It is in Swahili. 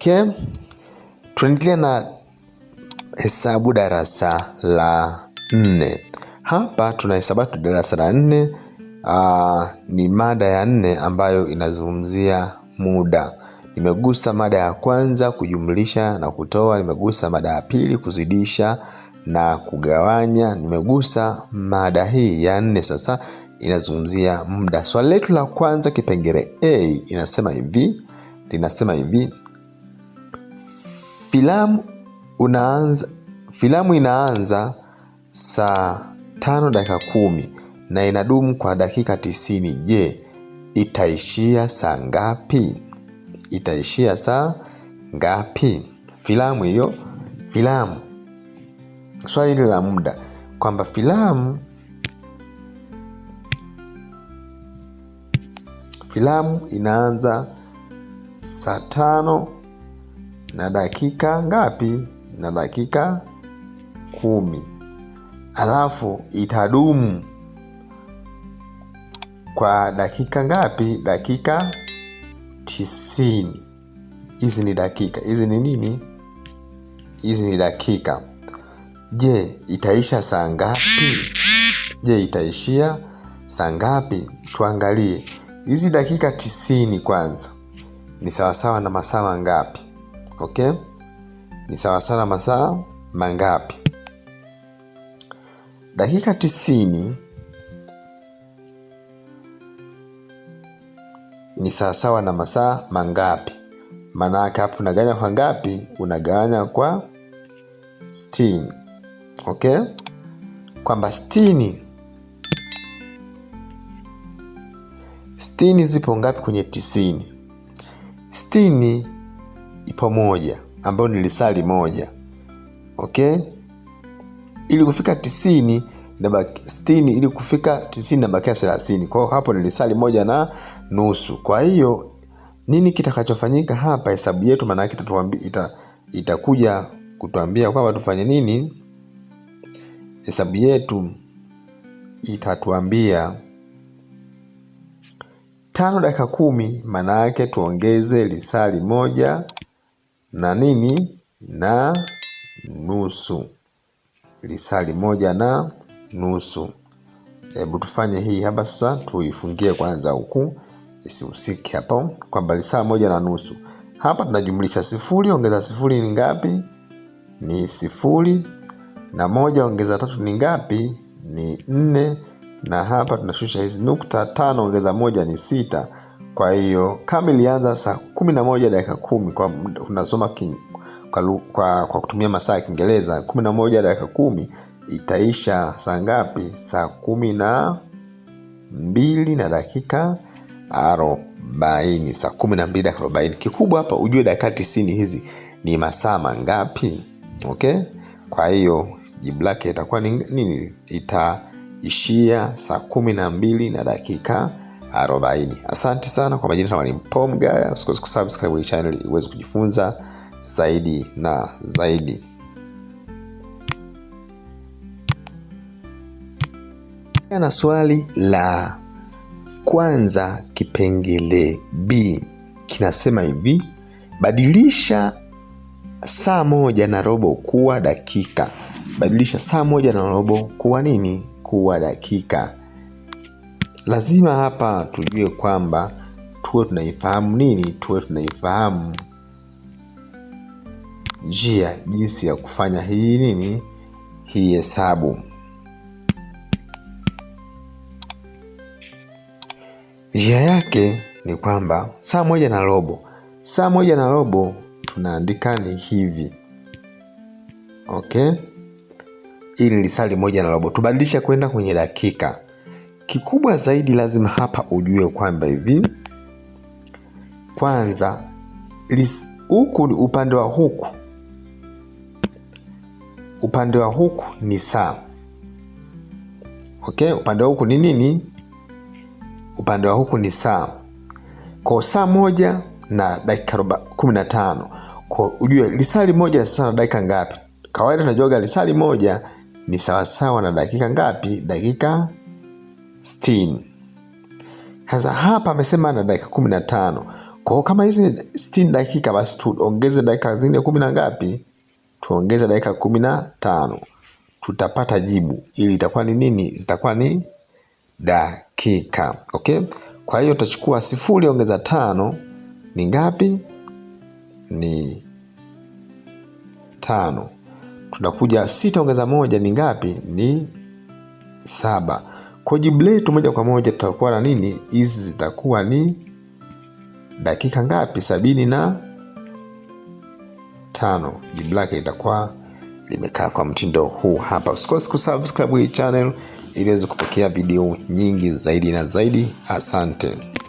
Okay, tuendelee na hesabu darasa la nne. Hapa tuna hesabati darasa la nne. Aa, ah, ni mada ya nne ambayo inazungumzia muda. Nimegusa mada ya kwanza kujumlisha na kutoa, nimegusa mada ya pili kuzidisha na kugawanya, nimegusa mada hii ya nne sasa inazungumzia muda. Swali so, letu la kwanza kipengele A inasema hivi linasema hivi Filamu unaanza filamu inaanza saa tano dakika kumi na inadumu kwa dakika tisini. Je, itaishia saa ngapi? Itaishia saa ngapi? Filamu hiyo filamu, swali hili la muda kwamba filamu filamu inaanza saa tano na dakika ngapi? Na dakika kumi. Alafu itadumu kwa dakika ngapi? Dakika tisini. Hizi ni dakika, hizi ni nini? Hizi ni dakika. Je, itaisha saa ngapi? Je, itaishia saa ngapi? Tuangalie hizi dakika tisini kwanza ni sawasawa na masaa mangapi? okay? Ni sawasawa na masaa mangapi? Dakika tisini ni sawasawa na masaa mangapi? Maanake hapo unagawanya kwa ngapi? Unagawanya kwa sitini, okay? Kwamba stini stini zipo ngapi kwenye tisini? stini ipo moja ambayo ni lisali moja okay? ili kufika tisini stini ili kufika tisini nabakia thelathini. Kwa hapo ni lisali moja na nusu. Kwa hiyo nini kitakachofanyika hapa? Hesabu yetu maana itakuja ita, itakuja kutuambia kwamba tufanye nini. Hesabu yetu itatuambia tano dakika kumi, maana yake tuongeze lisali moja na nini na nusu, lisali moja na nusu. Hebu tufanye hii hapa sasa, tuifungie kwanza huku isihusike hapo, kwamba lisaa moja na nusu. Hapa tunajumlisha sifuri ongeza sifuri ni ngapi? Ni sifuri na moja ongeza tatu ni ngapi? Ni nne. Na hapa tunashusha hizi nukta, tano ongeza moja ni sita. Kwa hiyo kama ilianza saa kumi na moja dakika kumi unasoma kwa, kwa, kwa kutumia masaa ya Kiingereza kumi na moja dakika kumi itaisha saa ngapi? Saa kumi na mbili na dakika arobaini saa kumi na mbili dakika arobaini Kikubwa hapa ujue dakika tisini hizi ni masaa mangapi? Okay, kwa hiyo jibu lake itakuwa nini? Itaishia saa kumi na mbili na dakika arobaini. Asante sana kwa majina, kama Mpomgaya, usikose kusubscribe hii channel uweze kujifunza zaidi na zaidi. Na swali la kwanza, kipengele B kinasema hivi: badilisha saa moja na robo kuwa dakika. Badilisha saa moja na robo kuwa nini? Kuwa dakika lazima hapa tujue kwamba tuwe tunaifahamu nini, tuwe tunaifahamu njia jinsi ya kufanya hii nini, hii hesabu. Njia yake ni kwamba saa moja na robo, saa moja na robo tunaandika ni hivi okay, ni lisali moja na robo tubadilisha kwenda kwenye dakika Kikubwa zaidi lazima hapa ujue kwamba hivi, kwanza huku ni upande wa huku, upande wa huku ni saa okay. Upande wa huku ni nini? Upande wa huku ni saa, kwa saa moja na dakika kumi na tano kwa ujue lisali moja sasa na dakika ngapi? Kawaida tunajuaga lisali moja ni sawasawa na dakika ngapi? dakika sitini. Sasa hapa amesema na dakika kumi na tano. Kwa hiyo kama hizi ni sitini dakika, basi tuongeze dakika zingine kumi na ngapi? Tuongeze dakika kumi na tano, tutapata jibu. Ili itakuwa ni nini? Zitakuwa ni dakika. Okay, kwa hiyo tutachukua sifuri ongeza tano ni ngapi? Ni tano. Tunakuja sita ongeza moja ni ngapi? Ni saba. Kwa jibu letu moja kwa moja tutakuwa na nini? Hizi zitakuwa ni dakika ngapi? sabini na tano. Jibu lake litakuwa limekaa kwa mtindo huu hapa. Usikose kusubscribe hii channel ili uweze kupokea video nyingi zaidi na zaidi. Asante.